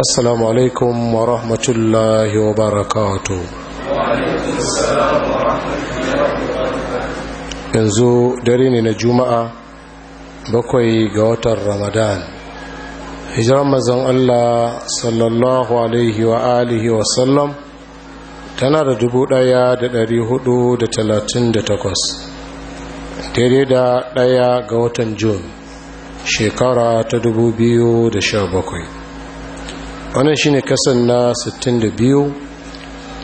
assalamu alaikum wa rahmatullahi wa barakatu yanzu dare ne na juma'a bakwai ga watan ramadan hijiran mazan allah sallallahu alaihi wa alihi wa sallam tana da dubu ɗaya da dari hudu da talatin da takwas daidai da daya ga watan jun shekara ta dubu biyu da sha bakwai wannan shine kasan na 62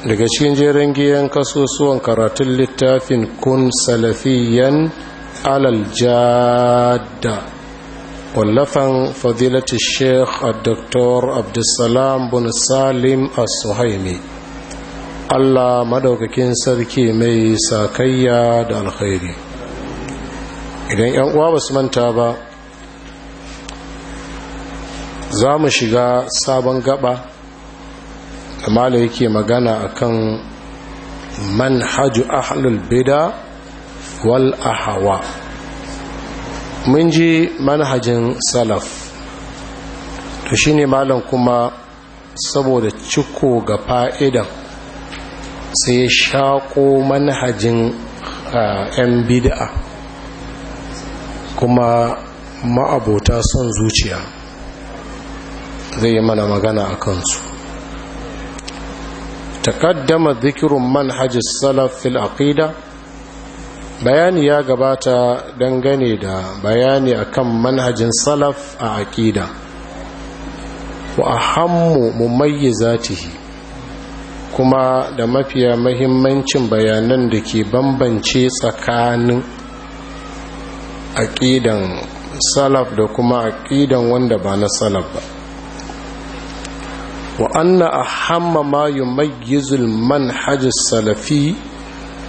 daga cikin jerin giyan kasusuwan karatun littafin kun salafiyan alal jada wallafan fadilati sheikh dr abdulsalam bin salim as-suhaimi allah madaukakin sarki mai sakayya da alkhairi idan 'yan uwa ba su manta ba za mu shiga sabon gaba da mala yake magana akan manhaju ahlul bida wal ahawa mun ji manhajin salaf to shi ne malam kuma saboda ciko ga fa'idan sai ya shaƙo manhajin ‘yan bida'a kuma ma'abota son zuciya zai yi mana magana a kansu takaddama zikirun manhajis salaf fil aqida bayani ya gabata dangane da bayani akan manhajin salaf a aqida wa ahammu zatihi kuma da mafiya mahimmancin bayanan da ke bambance tsakanin aƙidan salaf da kuma aƙidan wanda ba na salaf ba wa anna ahamma ma yumayyizul manhaj salafi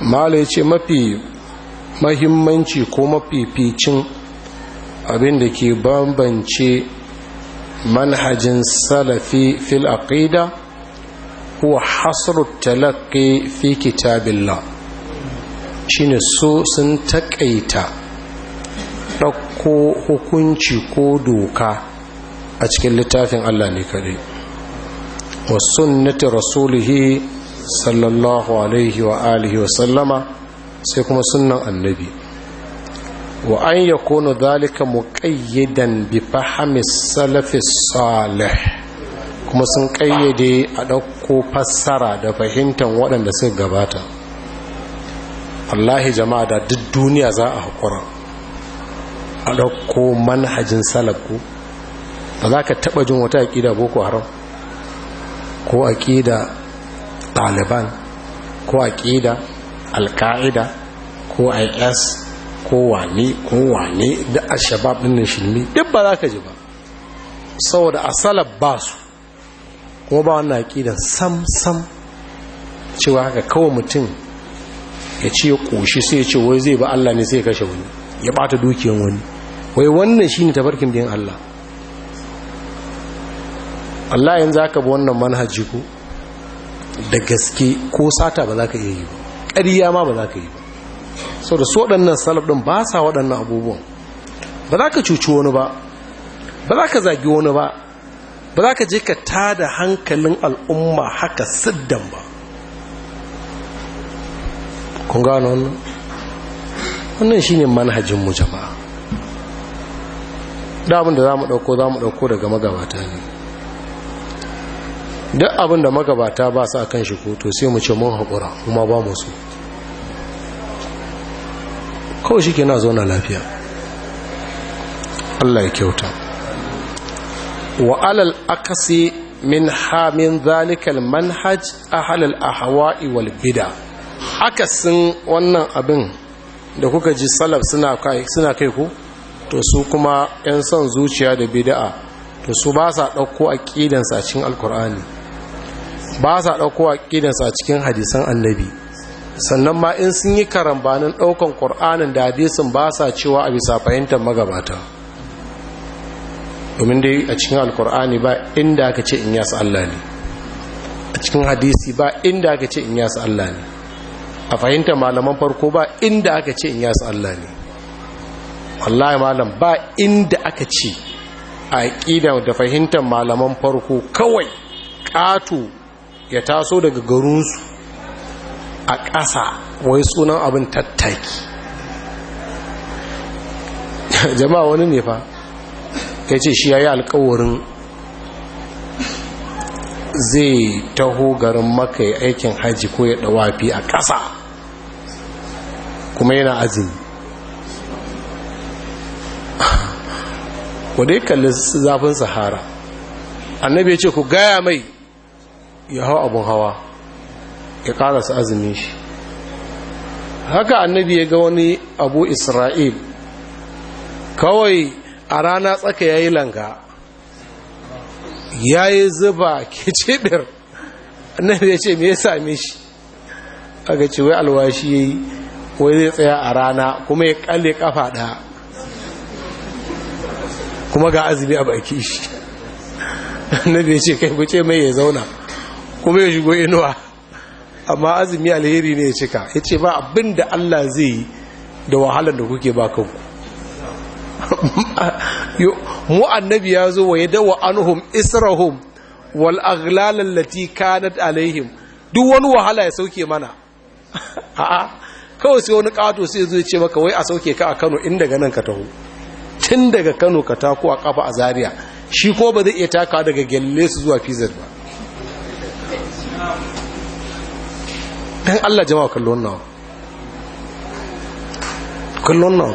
mala mafi mahimmanci ko mafificin abinda ke bambance manhajin salafi fil aqida huwa hasru talaqqi fi kitabillah shine so sun taƙaita ɗauko hukunci ko doka a cikin littafin Allah ne kaɗai wa sunnati rasulihi sallallahu alaihi wa wa sallama sai kuma sunnan annabi wa an yakunu dhalika muqayyidan bi fahmi salafi salih kuma sun kayyade a ɗauko fassara da fahimtar waɗanda suka gabata wallahi jama'a da duk duniya za a haƙura a ɗauko manhajin salafu ba za ka taɓa jin wata aƙida boko haram ko aƙida taliban ko aƙida alka'ida ko is ko wane ko wane da a shabab ɗin shirme duk ba za ka ji ba saboda asalar ba su kuma ba wannan ƙida sam sam cewa haka kawai mutum ya ce ƙoshi sai ya ce wai zai ba Allah ne sai ya kashe wani ya ɓata dukiyar wani wai wannan shi ne tabarkin biyan Allah Allah yanzu aka bi wannan manhaji ko da gaske ko sata ba za ka iya yi ba ƙariya ma ba za ka yi ba sau da so ɗannan salaf ɗin ba sa waɗannan abubuwan ba za ka cuci wani ba ba za ka zagi wani ba ba za ka je ka ta da hankalin al'umma haka siddan ba kun gano wannan wannan shine manhajinmu jama'a da abin da za mu ɗauko za mu ɗauko daga magabata ne duk abin da magabata ba a kan shi ko to sai mu ce mun haƙura kuma ba mu so kawai shi ke na zauna lafiya Allah ya kyauta wa alal akasi min hamin zalikal manhaj a hawa'i wal bida akasin wannan abin da kuka ji salaf suna kai ku to su kuma 'yan son zuciya da bida'a to su ba sa ɗauko a a cikin alkur'ani ba sa ɗauko aƙidansu a cikin hadisan annabi sannan ma in sun yi karambanin ɗaukan ƙor'anin da hadisun ba sa cewa a bisa fahimtar magabata domin dai a cikin alƙur'ani ba inda aka ce in yasa Allah ne a cikin hadisi ba inda aka ce in yasa Allah ne a fahimtar malaman farko ba inda aka ce in yasa Allah ne wallahi malam ba inda aka ce a ƙida da fahimtar malaman farko kawai ƙato ya taso daga garinsu a ƙasa wai sunan abin tattaki jama'a wani ne fa ya ce shi ya yi alkawarin zai taho garin maka ya aikin haji ko ya dawafi a ƙasa kuma yana azumi wadda kalli zafin sahara annabi ya ce ku gaya mai ya hau abin hawa ya su azumin shi haka annabi ya ga wani abu isra'il kawai a rana tsaka ya yi langa ya yi zuba kicibir annabi ya ce me ya same shi aga ce wai alwashi ya yi wai zai tsaya a rana kuma ya kalle kafa ɗaya kuma ga azumi a baki shi annabi ya ce kai buce mai ya zauna kuma ya shigo inuwa amma azumi alheri ne ya cika ya ce ba abin da Allah zai yi da wahalar da kuke ba kanku mu annabi ya zo wa ya dawa anhum israhum wal aghlalan lati kanat alaihim duk wani wahala ya sauke mana a'a kawai sai wani kato sai zai ce maka wai a sauke ka a Kano in daga nan ka taho tun daga Kano ka tako a kafa a Zaria shi ko ba zai iya taka daga gelle su zuwa fizar ba dan Allah jama'a kallon nan kallon nan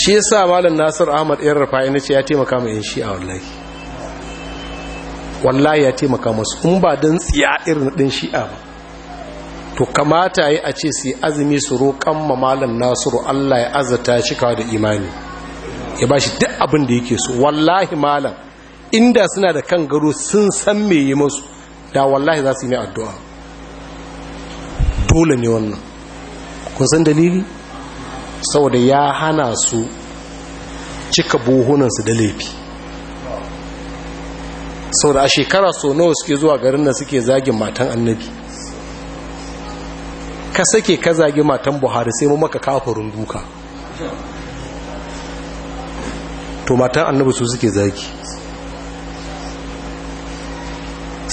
shi yasa malam Nasir Ahmad ɗan Rafa'i ne ce ya taimaka mu in shi'a wallahi wallahi ya taimaka masu in ba dan tsiya irin ɗan shi'a ba to kamata yi a ce su yi azumi su roƙan ma malam Nasiru Allah ya azata shi kawo da imani ya ba shi duk abin da yake so wallahi malam inda suna da kan gado sun san me yi musu da wallahi za su yi mai addu'a dole ne wannan kun san dalili saboda ya hana su cika buhunansu da laifi saboda a shekara so nawa suke zuwa garin nan suke zagin matan annabi ka sake ka zagi matan buhari sai mu maka kafurin duka to matan annabi su suke zagi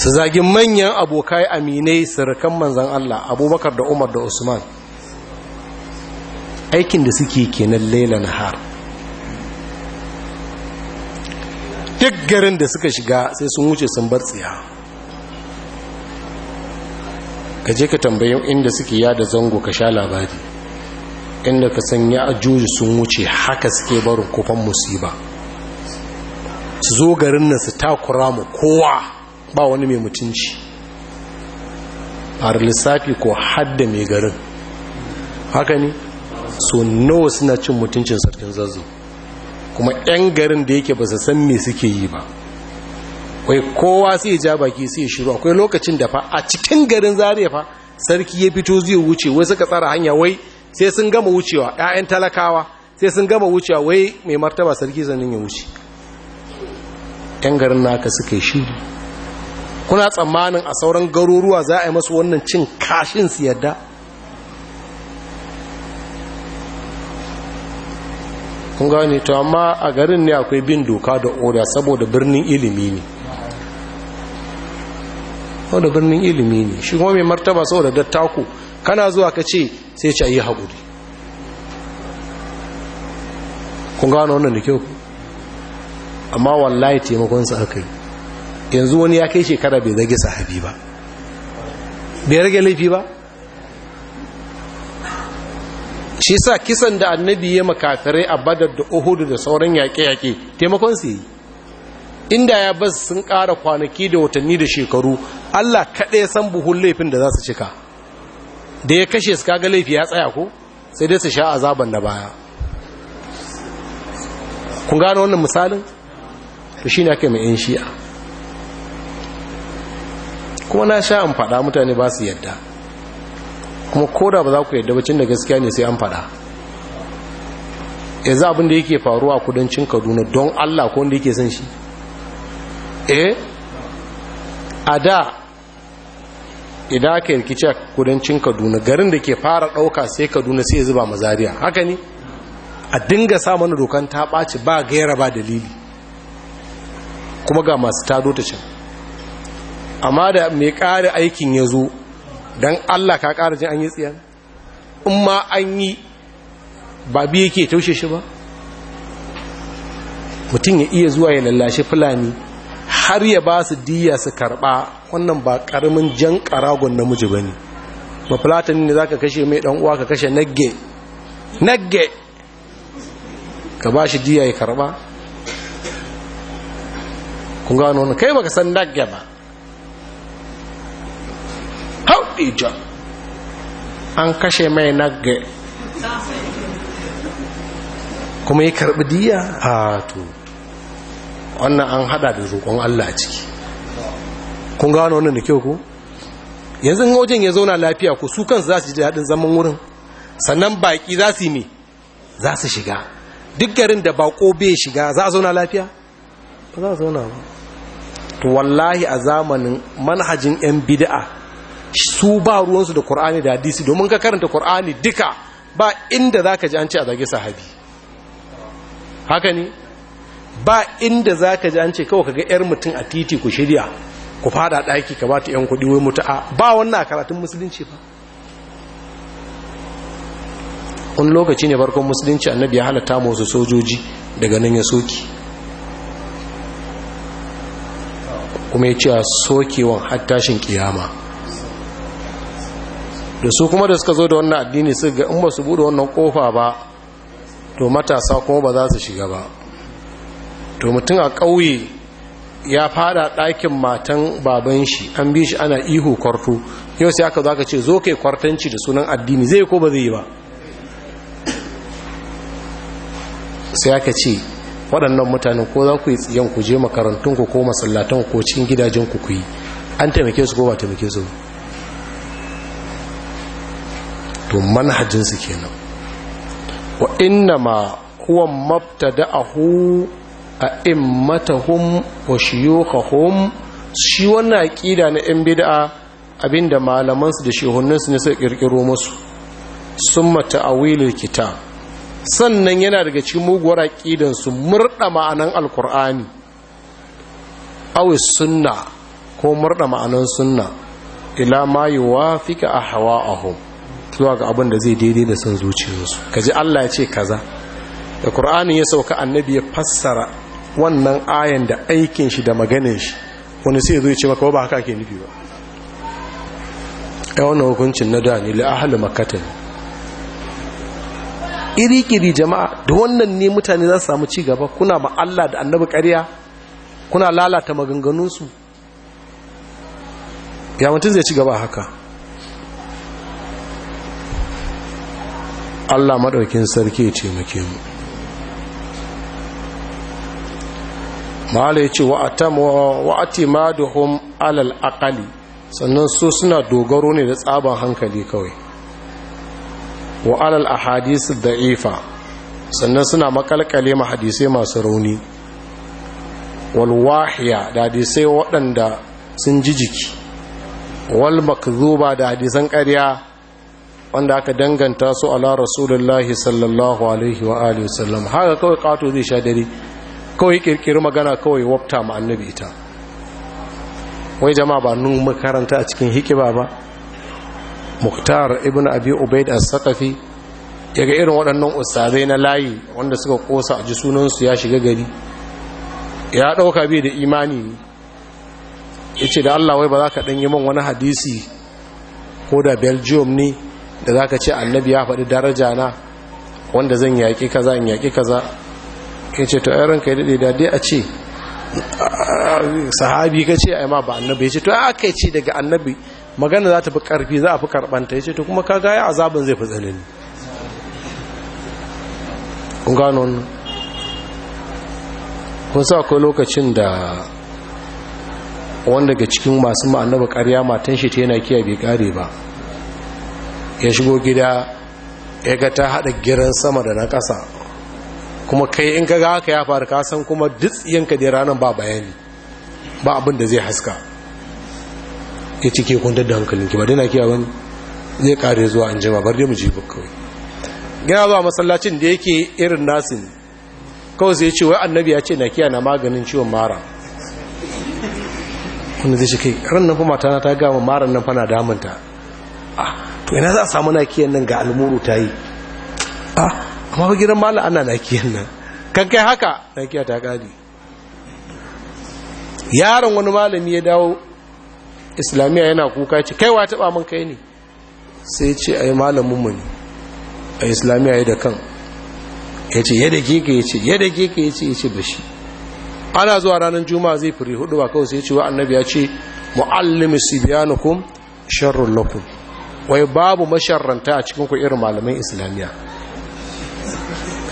su zagin manyan abokai aminai sirrikan manzan Allah abubakar da umar da usman aikin da suke kenan na har duk garin da suka shiga sai sun wuce sun bar tsiya ka je ka tambayi inda suke yada zango ka sha labari inda ka sanya a juji sun wuce haka suke barin kofan musiba su zo garin nan su takura mu kowa ba wani mai mutunci har lissafi ko hadda mai garin haka ne so nawa suna cin mutuncin sarkin zazzau kuma 'yan garin da yake ba su san me suke yi ba wai kowa sai ja baki sai shiru akwai lokacin da fa a cikin garin zariya fa sarki ya fito zai wuce wai suka tsara hanya wai sai sun gama wucewa 'ya'yan talakawa sai sun gama wucewa wai mai martaba sarki zanen ya wuce 'yan garin naka suka yi shiru kuna tsammanin a sauran garuruwa za a yi masu wannan cin kashin su yadda kun gane to amma a garin ne akwai bin doka da oda saboda birnin ilimi ne saboda birnin ilimi ne shi kuma mai martaba saboda dattako kana zuwa ka ce sai ce a yi haƙuri kun gano wannan da kyau amma wallahi sa aka yi yanzu wani ya kai shekara bai zage sahabi ba bai rage laifi ba shi sa kisan da annabi ya makafirai a badar da uhudu da sauran yaƙe-yaƙe taimakon su yi inda ya bas sun ƙara kwanaki da watanni da shekaru allah kaɗai san buhun laifin da za su cika da ya kashe su kaga laifi ya tsaya ko sai dai su sha azaban na baya kun gano wannan misalin to shi ne ake mai 'yan shi'a kuma na sha an fada mutane ba su yadda kuma koda ba za ku yadda bacin da gaskiya ne sai an fada ya za abinda yake faruwa a kudancin kaduna don allah ko wanda yake son shi eh a da idan aka rikici a kudancin kaduna garin da ke fara ɗauka sai kaduna sai zuba mazariya haka ne a dinga sa mana dokan ta ɓaci ba gaira ba dalili kuma ga masu tado ta can amma da mai ƙari aikin ya zo don allah ka ƙari jin an yi tsiyan in ma an yi ba biye ke taushe shi ba mutum ya iya zuwa ya lallashe fulani har ya ba su diya su karɓa wannan ba ƙaramin jan ƙaragon namiji ba ne ba fulatani ne za ka kashe mai uwa ka kashe nagge nagge ka ba shi diya ya karɓa kun gano wani kai baka san nagge ba ija an kashe mai nagge kuma ya karbi diya a to wannan an hada da roƙon Allah a ciki kun gano wannan da kyau ko yanzu wajen ya zauna lafiya ko su kansu za su ji daɗin zaman wurin sannan baƙi za su yi me za su shiga duk garin da baƙo bai shiga za a zauna lafiya ba za a zauna ba to wallahi a zamanin manhajin 'yan bida'a su ba ruwansu da Kur'ani da hadisi domin ka karanta Kur'ani duka ba inda za ka ji an ce a zage sahabi haka ne ba inda za ka ji an ce kawai ka ga 'yar mutum a titi ku shirya ku fada ɗaki ka bata 'yan kuɗi wai mutu'a ba wannan a karatun musulunci ba wani lokaci ne farkon musulunci annabi ya halatta wasu sojoji daga nan ya soki kuma ya ce a sokewan hattashin kiyama da su kuma da suka zo da wannan addini su ga in ba su bude wannan kofa ba to matasa kuma ba za su shiga ba to mutum a ƙauye ya fada ɗakin matan baban shi an bi shi ana ihu kwarto yau sai aka zaka ce zo kai kwartanci da sunan addini zai ko ba zai yi ba sai aka ce waɗannan mutanen ko za ku yi tsiyan ku je makarantun ku ko masallatan ko cikin gidajen ku ku yi an taimake su ko ba taimake su ba to manhajinsu kenan wa inna ma huwa mabtada'ahu a immatahum wa shiyukahum shi wannan aqida na yan bid'a abinda malamansu da shehunninsu ne suka kirkiro musu summa ta'awilul kitab sannan yana daga cikin muguwar aqidan su murda ma'anan alqur'ani aw sunna ko murda ma'anan sunna ila ma yuwafika ahwa'ahum zuwa ga abin da zai daidai da son zuciyarsu kaji Allah ya ce kaza da Qur'ani ya sauka annabi ya fassara wannan ayan da aikin shi da maganin shi wani sai ce maka ba haka ke nufi ba ai wannan hukuncin na da ne la ahli makkah iri-kiri jama'a da wannan ne mutane za su samu ci gaba kuna ba Allah da annabi ƙarya kuna lalata maganganunsu ya mutum zai ci gaba haka Allah maɗaukin sarki ya taimake mu mala ya ce wa'atimaduhum alal aqali sannan su suna dogaro ne da tsaban hankali kawai wa alal ahadisu da'ifa sannan suna makalkale ma hadisai masu rauni walwahiya da hadisai waɗanda sun ji jiki wal makzuba da hadisan ƙarya wanda aka danganta su ala rasulullahi sallallahu alaihi wa alihi sallam haka kawai kato zai sha dare kawai kirkiri magana kawai wafta ma annabi ita wai jama'a ba nun makaranta a cikin hikiba ba muktar ibn abi ubaid as-saqafi yaga irin waɗannan ustazai na layi wanda suka kosa a ji sunansu ya shiga gari ya ɗauka biyu da imani ne ya da allah wai ba za ka yi man wani hadisi ko da belgium ne da za ka ce annabi ya faɗi daraja na wanda zan yaƙi kaza in yaƙi kaza ya ce to ayyarin ka yi daɗe da a ce sahabi ka ce a ma ba annabi ya ce to aka yi ce daga annabi magana za ta fi ƙarfi za a fi karɓanta ya ce to kuma kaga ya azabin zai fi tsanani kun gano wannan kun sa akwai lokacin da wanda ga cikin masu ma'annaba ƙarya matan shi ta yana kiyaye bai kare ba ya shigo gida ya ga ta haɗa giran sama da na ƙasa kuma kai in kaga haka ya faru kasan kuma dutsiyanka da ranar ba bayani ba abin da zai haska ya cike kundar da hankalinki ba dina kiya wani zai kare zuwa an jima bar dai mu jibi kawai gina zuwa masallacin da yake irin nasin kawai sai ce wai annabi ya ce na kiya na maganin ciwon mara kuna zai shi kai ran nan fa na ta gama maran nan fana damunta ah, to ina za a samu nakiyan nan ga almuru ta yi a ah, amma ba gidan mala ana nakiyan nan kan kai haka nakiya ta gadi yaron wani malami ya dawo islamiyya yana kuka ce kai wa taba min kai ne sai ce ai malamin mu ne a islamiyya ya da kan ya ce yadda kika ya ce yadda kika ya ce ya ce bashi ana zuwa ranar juma'a zai firi hudu ba kawai sai ce wa annabi ya ce mu'allimi sibiyanukum sharrun lakum wai babu masharranta a cikin ku irin malamai islamiyya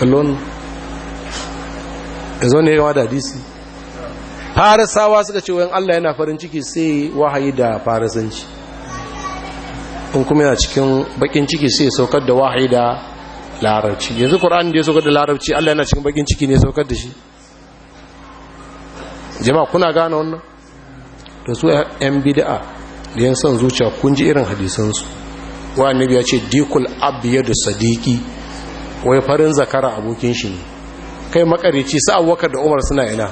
kallon yanzu ne yawa da disi. farisawa suka ce wayan Allah yana farin ciki sai wahayi da farisanci in kuma yana cikin bakin ciki sai saukar da wahayi da larabci yanzu ƙoran da ya saukar da larabci Allah yana cikin bakin ciki ne saukar da shi jama'a kuna gane wannan to su yan bid'a da yan son zuciya kun ji irin hadisansu wa annabi ya ce dikul da sadiki wai farin zakara abokin shi ne kai makarici su abubakar da umar suna ina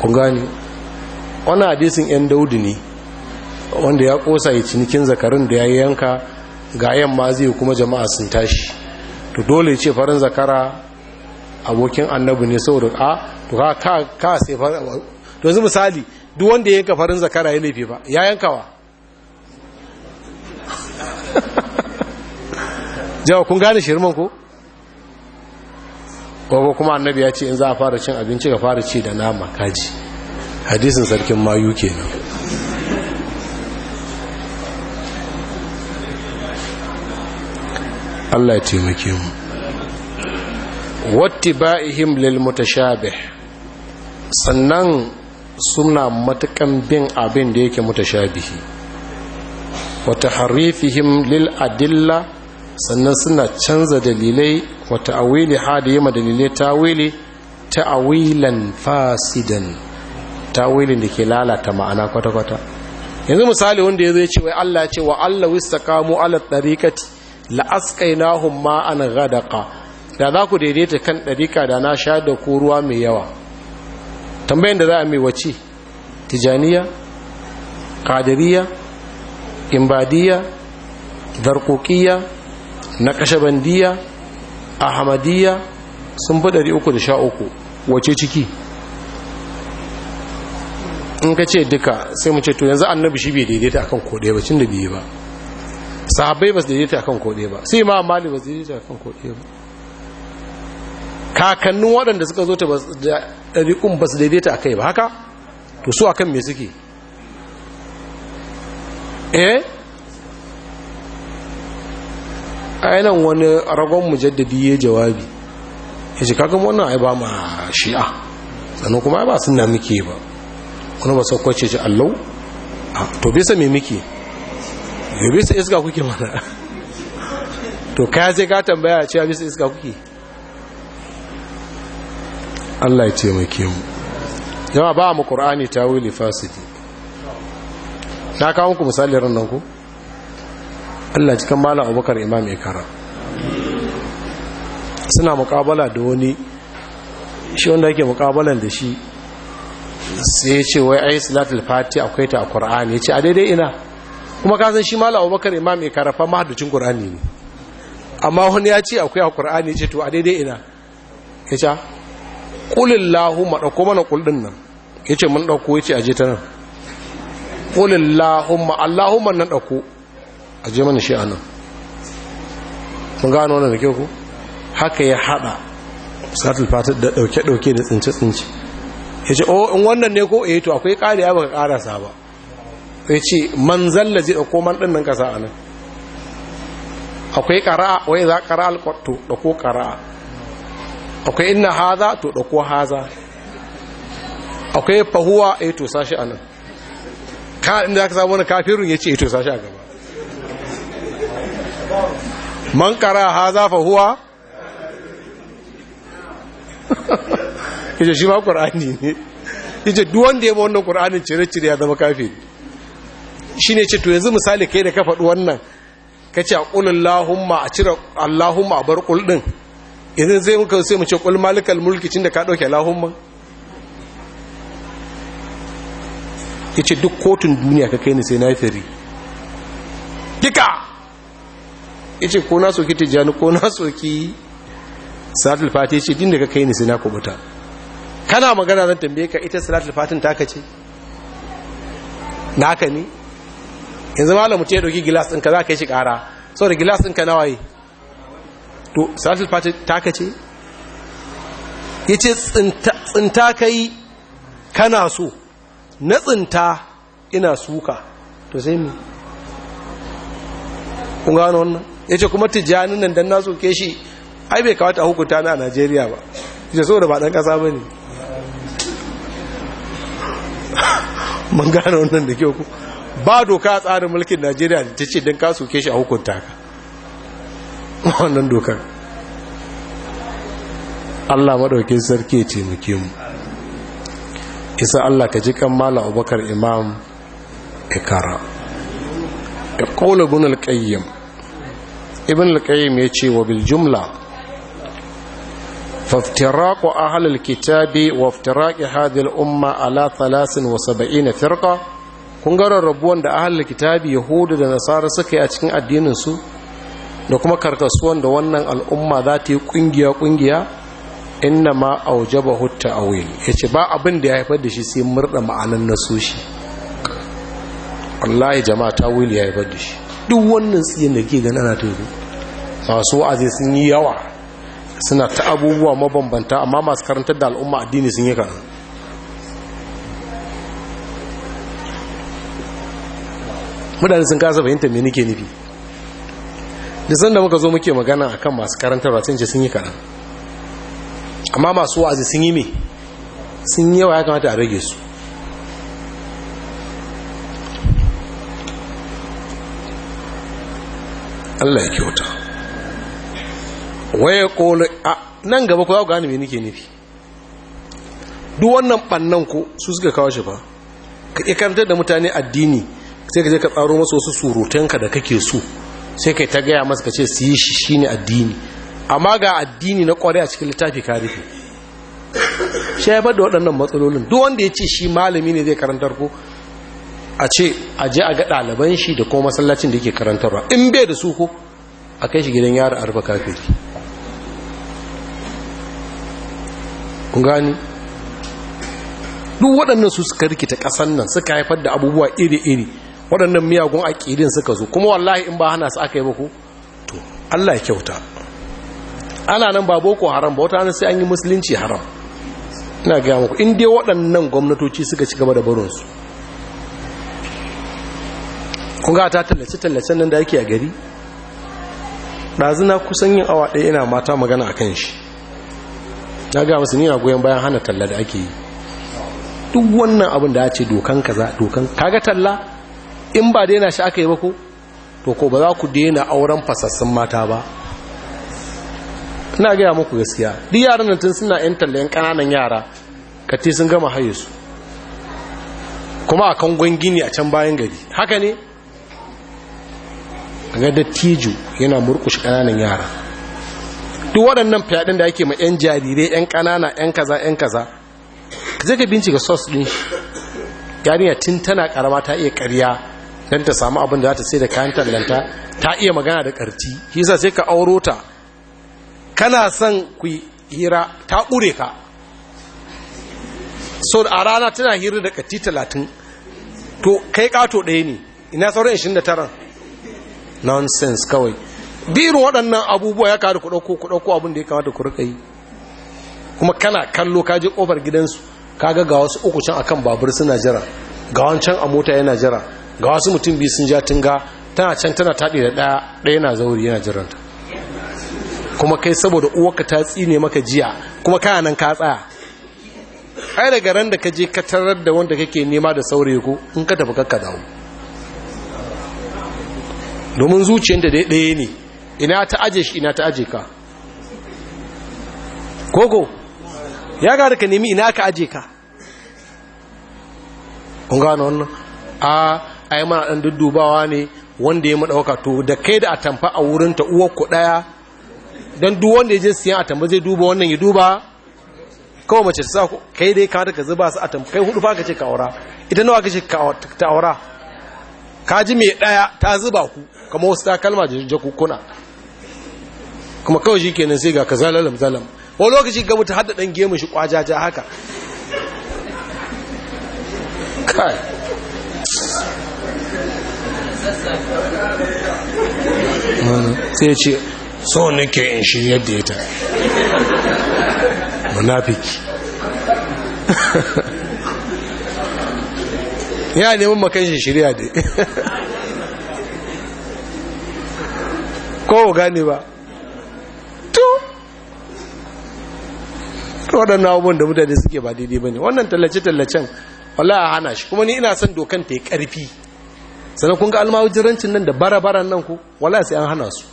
kun gani wani hadisin yan daudu ne wanda ya kosa ya cinikin zakarin da ya yi yanka ga yamma zai kuma jama'a sun tashi to dole ce farin zakara abokin annabi ne saboda a ah, to ka ka sai farin to yanzu misali duk wanda ya yanka farin zakara ya laifi ba ya yankawa jawa kun gane shirman ko gobe kuma annabi ya ce in za a fara cin abinci ga fara ci da nama kaji hadisin sarkin mayu kenan Allah ya taimake mu wattiba'ihim lil mutashabih sannan suna matakan bin abin da yake mutashabihi wata harifihim lil adilla sannan suna canza dalilai wata awili hada yi wili ta awilan fasidan tawilin da ke lalata ma'ana kwata-kwata yanzu misali wanda ya zai ce wai Allah ce wa Allah wistaqamu ala tariqati la asqainahum ma'an ghadaqa da za ku daidaita kan ɗarika da na sha da ruwa mai yawa tambayin da za a mai wace tijaniya ƙadiriya imbadiya zarkokiya na ƙashabandiya ahamadiya sun fi 313 wace ciki in ka ce duka sai mu ce to yanzu annabi shi bai daidaita akan kodai ba cin da biyu ba sahabbai ba su daidaita akan kodai ba sai ma mali ba su daidaita akan kodai ba kakannin waɗanda suka zo ta ɗabi'un ba su daidaita a kai ba haka to su akan me suke eh ainihin wani ragon mujaddadi ya jawabi ya ce kakan wannan ai ba ma shi'a sannan kuma ba suna muke ba wani ba saukwa ce ce allau ah, to bisa me muke bisa iska kuke mana to kaya sai ka tambaya cewa bisa iska kuke Allah ya taimake mu jama'a ba mu qur'ani tawili fasidi na kawo muku misali ran nan ko Allah cikin malam Abubakar Imam Ikara suna muqabala da wani shi wanda yake muqabalan da shi sai ya ce wai ai salatul fati akwai ta a qur'ani ya ce a daidai ina kuma ka san shi malam Abubakar Imam Ikara fa mahaddacin qur'ani ne amma wani ya ce akwai a qur'ani ya ce to a daidai ina ya ce kulillahu ma ɗauko mana kuldin nan ya ce mun ɗauko ya ce aje ta nan kulillahu ma allahumma nan ɗauko aje mana shi a nan mun gano wannan da ke ku haka ya haɗa satul fatid da ɗauke-ɗauke da tsince-tsince ya ce oh in wannan ne ko eh to akwai ƙari ya baka ƙarasa ba ya ce man zalla zai ɗauko man ɗin nan ƙasa a nan akwai ƙara'a wai za ƙara'a alƙwatto ɗauko ƙara'a akwai ina haza to ɗauko haza akwai fahuwa a yi eh, tosa shi a nan ka inda aka samu wani kafirun ya ce ya eh, tosa shi a gaba man ƙara haza fahuwa ije shi ma ƙur'ani ne ije duwan wanda ya ba wannan ƙur'anin cire-cire ya zama kafi shi ne ce to yanzu misali kai da ka faɗi wannan ka ce a ƙulun lahumma a cire allahumma a bar ƙulɗin idan zai muka sai mu ce kul malikal mulki tun da ka dauke Ya ce duk kotun duniya ka kai ni sai na yi tari kika ce ko na soki tijani ko na soki salatul fati ce din da ka kai ni sai na kubuta kana magana zan tambaye ka ita salatul fatin ka ce naka ne yanzu malamu ce ya ɗauki gilas ɗinka za ka yi shi ƙara da gilas ɗinka yi to salatul fati taka ce ya ce tsinta kai kana so na tsinta ina suka to sai mu kun wannan ya ce kuma tijjanin nan don na ke shi ai bai kawata hukunta na a najeriya ba ya so da ba ɗan ƙasa ba ne mun gano wannan da kyau ku ba doka a tsarin mulkin najeriya da ta ce don ka ke shi a hukunta ka wannan dokar Allah maɗaukin sarki ya taimake mu isa Allah ka ji kan mala abubakar imam ikara ya ƙaula ibn al-qayyim ibn al-qayyim ya ce wa bil jumla فافتراق أهل الكتاب وافتراق هذه الأمة على 73 فرقة kun gara rabuwan da ahal kitabi yahudu da nasara suka yi a cikin addininsu da kuma karkasuwan da wannan al'umma za ta yi kungiya-kungiya inna ma aujaba hutta a wuyi ya ce ba abin da ya haifar da shi sai murda ma'anan na soshi wallahi jama'a ta wuyi ya haifar da shi duk wannan tsiyin da ke gana na teku masu wa'azi sun yi yawa suna ta abubuwa mabambanta amma masu karantar da al'umma addini sun yi kan mutane sun kasa fahimta me nake nufi da sanda muka zo muke magana akan masu karantarwa sun ce sun yi kaɗan amma masu wa'azi sun yi me sun yi yawa ya kamata a rage su Allah ya kyauta waye kola a nan gaba ku za ku gane me nake nufi duk wannan bannan ku su suka kawo shi ba ka iya karantar da mutane addini sai ka je ka tsaro masu wasu surutanka da kake so sai kai ta gaya masa ka ce su yi shi shi ne addini amma ga addini na kwarai a cikin littafi ka rufe shi ya bada waɗannan matsalolin duk wanda ya ce shi malami ne zai karantar ko a ce a je a ga ɗaliban shi da kuma masallacin da yake karantarwa in bai da su ko a kai shi gidan yara a rufe kafiri kun duk waɗannan su suka rikita ƙasan nan suka haifar da abubuwa iri-iri waɗannan miyagun aƙidin suka zo kuma wallahi in ba hana su aka yi muku to Allah ya kyauta ana nan ba boko haram ba wata hannun sai an yi musulunci haram ina gaya muku in dai waɗannan gwamnatoci suka ci gaba da barinsu kun ga ta tallace-tallacen nan da ake a gari Ɗazina kusan yin awa ɗaya ina mata magana a kan shi na gaya musu nina goyon bayan hana talla da ake yi duk wannan abin da ya ce dokan kaza dokan kaga talla in ba daina shi aka yi ba ko to ko ba za ku daina auren fasassun mata ba ina gaya muku gaskiya duk yaran nan tun suna yan yan kananan yara kati sun gama haye su kuma a kan gini a can bayan gari haka ne ga dattijo yana murkushe kananan yara duk waɗannan fyaɗin da ake ma 'yan jarirai 'yan kanana 'yan kaza 'yan kaza ka ka bincika sos ɗin shi yarinya tun tana karama ta iya karya. don ta samu abin da za ta sai da kayan tallanta ta iya magana da karti shi sa sai ka auro ta kana son ku hira ta ƙure ka so a rana tana hira da kati talatin to kai ƙato ɗaya ne ina sauran 29 nonsense kawai birin waɗannan abubuwa ya kada kuɗauko kuɗauko abin da ya kamata ku rika yi kuma kana kallo ka je ƙofar gidansu kaga ga wasu uku can akan babur suna jira ga wancan a mota yana jira ga wasu mutum biyu sun ja tunga tana can tana taɗe da ɗaya ɗaya na zauri yana jiranta kuma kai saboda uwaka ta tsine maka jiya kuma kana nan ka tsaya ai daga ran da ka je ka tarar da wanda kake nema da saure ku in ka tafi kakka dawo domin zuciyar da ɗaya ne ina ta aje shi ina ta aje ka koko ya gara ka nemi ina ka aje ka kun gano wannan a ai mana dan duddubawa ne wanda ya madauka to da kai da atamfa a wurin ta uwar ku daya dan duk wanda ya je siyan atamfa zai duba wannan ya duba kawai mace ta sa kai dai ka daga zuba su atamfa kai hudu fa ka ce ka aura ita nawa ka ce ta aura ka ji mai daya ta zuba ku kamar wasu takalma kuna kuma kawai shi kenan sai ga ka zalalam zalam wani lokaci ga mutu hada dan gemu shi kwajaja haka kai sai ce so nake in shirya da ita munafiki ya neman makan shi shirya da kowa gane ba to waɗannan abubuwan da mutane suke ba daidai ba ne wannan tallace-tallacen wala a hana shi kuma ni ina son dokan ta yi ƙarfi sannan kun ga rancin nan da bara-baran nan ku wallahi sai an hana su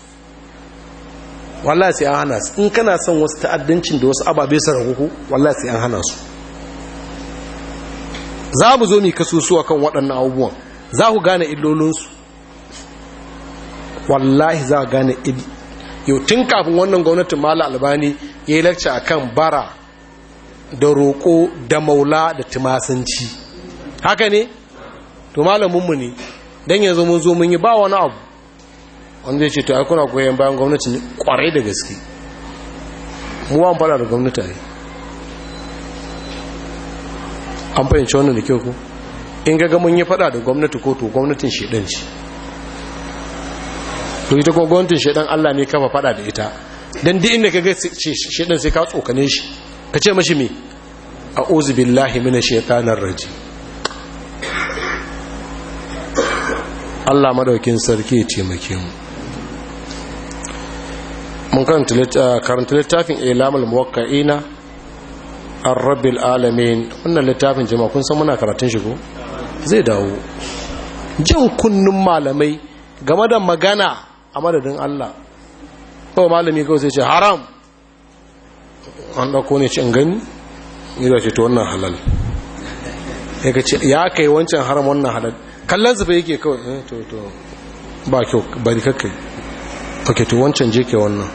Wala sai an hana su in kana son wasu ta'addancin da wasu ababe su ragu ku wala sai an hana su za mu zo mu kasusuwa kan waɗannan abubuwan za ku gane illolinsu wallahi za ku gane ibi yau tun kafin wannan gwamnatin mala albani ya yi lacca a kan bara da roƙo da maula da tumasanci haka ne? to mu ne don yanzu mun zo mun yi ba wani abu wanda ya ce ta kuna goyon bayan gwamnati kwarai da gaske mu wa fara da gwamnati ne an fahimci wannan da kyau ko in gaga mun yi fada da gwamnati ko to gwamnatin shedan ce to ita ko gwamnatin shedan Allah ne kafa fada da ita dan duk inda kaga shedan sai ka tsokane shi ka ce mashi me a'udhu billahi minash shaitanir rajim Allah madaukin sarki ya taimake mu mun karanta ah, littafin ilamul muwakka'ina an rabbil alamin wannan littafin jama kun san muna karatun shi ko zai dawo jin kunnun malamai game da magana a madadin Allah ko malami ko sai ce haram an ɗauko ne cin gani ya ce to wannan halal ya kai wancan haram wannan halal kallon zube yake kawai eh, to to ba kyau bari kakai ok to wancan je ke wannan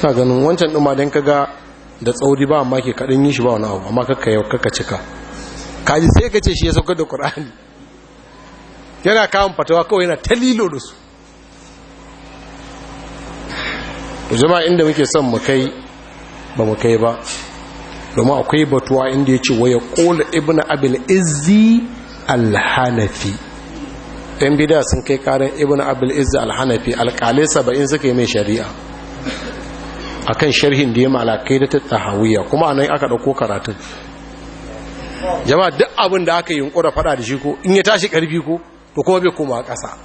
ka ganin wancan ɗin don kaga da tsauri ba amma ke kaɗan yin shi ba wani abu amma kakka yau kakka cika kaji sai ka ce shi ya saukar da ƙura'ani. yana kawon fatawa kawai yana ta lilo da su inda muke son mu kai ba mu kai ba domin akwai batuwa inda ya ce waya ƙola ibn abin izzi Alhanafi. hanafi ɗan bida sun kai karin ibn abul izza al-hanafi alƙalai saba'in suka yi mai shari'a akan sharhin da ya malakai da ta tahawiyya kuma anan aka ɗauko karatun jama'a duk abin da aka yi yunkura faɗa da shi ko in ya tashi ƙarfi ko to kuma bai koma ƙasa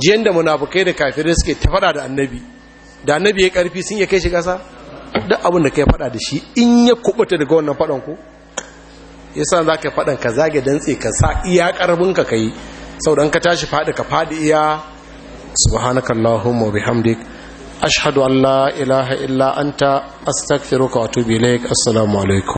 jiyan da munafukai da kafirai suke ta faɗa da annabi da annabi ya ƙarfi sun ya kai shi ƙasa duk abin da kai faɗa da shi in ya kubuta daga wannan faɗan ko yasa za ka faɗan ka zage dantse ka sa iya karbin ka kai sau dan ka tashi faɗi ka faɗi iya subhanakallahumma bihamdik ashhadu an la ilaha illa anta astaghfiruka wa atubu ilaik assalamu alaikum